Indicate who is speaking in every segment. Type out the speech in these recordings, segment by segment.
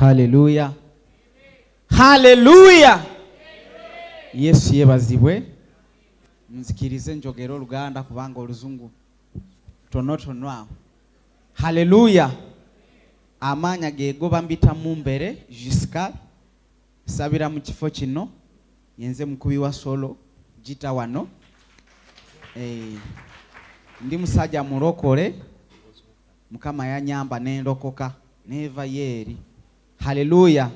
Speaker 1: haleluya haleluya yesu yebazibwe nzikirize njogera oluganda kubanga oluzungu tonotonwa haleluya amaanyi geegoba mbita mu mbere jusika sabira mu kifo kino yenze mukubi wa solo gita wano hey. Eh, ndi musajja mulokole mukama yanyamba nendokoka neva yeeri haleluya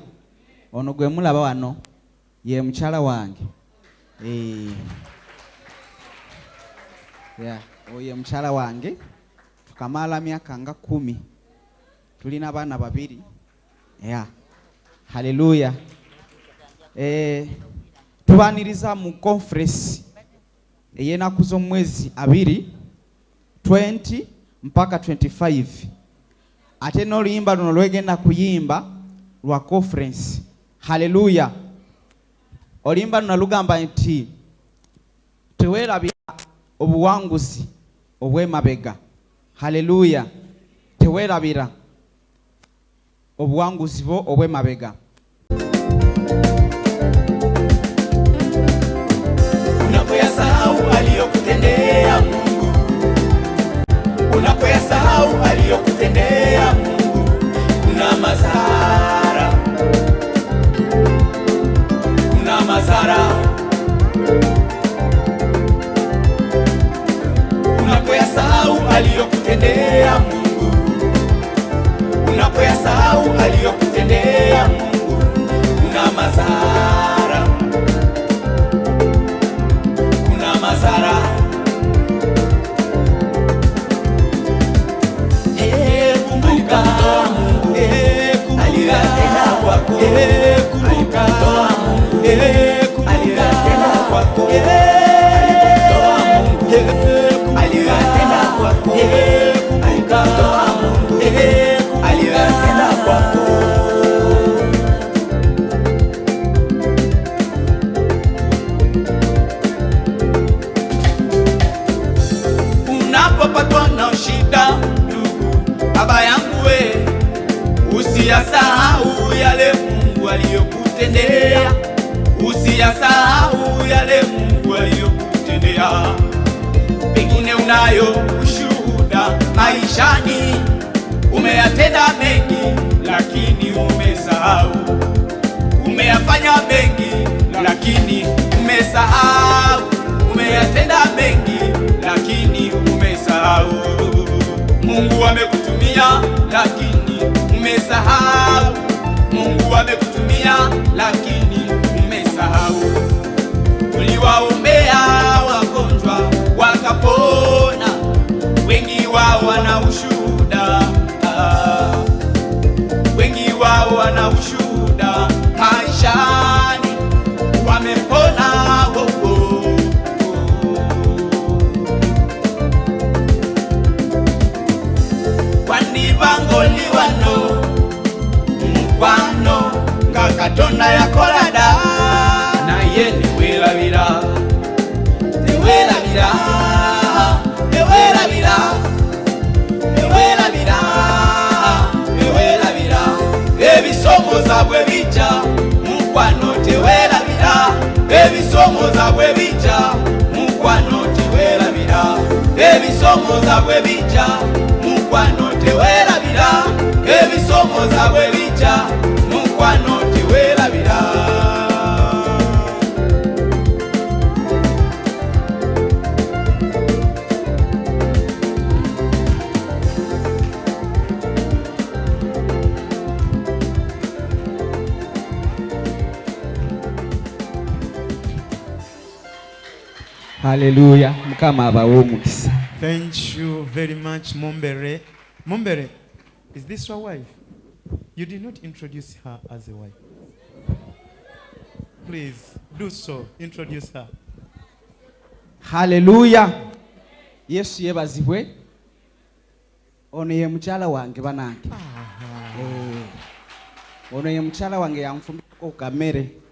Speaker 1: ono gwe mulaba wano ye mukyala wange oyo eh. ye mukyala wange tukamala myaka nga kumi tulina abaana babiri ya haleluya eh, tubaniriza mu conference eyenaku z'omwezi abiri 20 mpaka 25 ate n'oluyimba luno lwegenda kuyimba lwa conference haleluya olimba nalugamba nti tewerabira obuwanguzi obw'emabega haleluya tewerabira obuwanguzi bo obw'emabega aliyokutendea Mungu, unapoyasahau aliyokutendea Mungu kuna mazara,
Speaker 2: kuna madhara. Eh, kumbuka eh, Mungu aliyotenda kwako. unapopatwa na shida, ndugu, baba yangu we, usiyasahau yale Mungu aliyokutendea, usiyasahau yale Mungu aliyokutendea. Pengine unayo ushuhuda maishani, umeyatenda mengi lakini umesahau, umeyafanya mengi lakini umesahau. wamekutumia lakini umesahau. Uliwaombea wagonjwa wakapona, wengi wao wana ushuhuda, wengi wao wana ushuhuda maishani, wamepona wogo. Kwani bango kyokka katonda yakola dda naye neweerabira neweerabira neweerabira neweerabira neweerabira ebisomoza bwe bijja mukwano tewerabira ebisomoza bwe bijja mukwano mukwano
Speaker 1: Haleluya mukama abawomukisa.
Speaker 3: Thank you very much Mumbere. Mumbere, is this your wife? You did not introduce her as a wife. Please do so. Introduce her.
Speaker 1: Haleluya. Yesu yebazibwe. Ono ye mukyala wange banange. Eh. Ono ye mukyala wange yanfumbirako kamere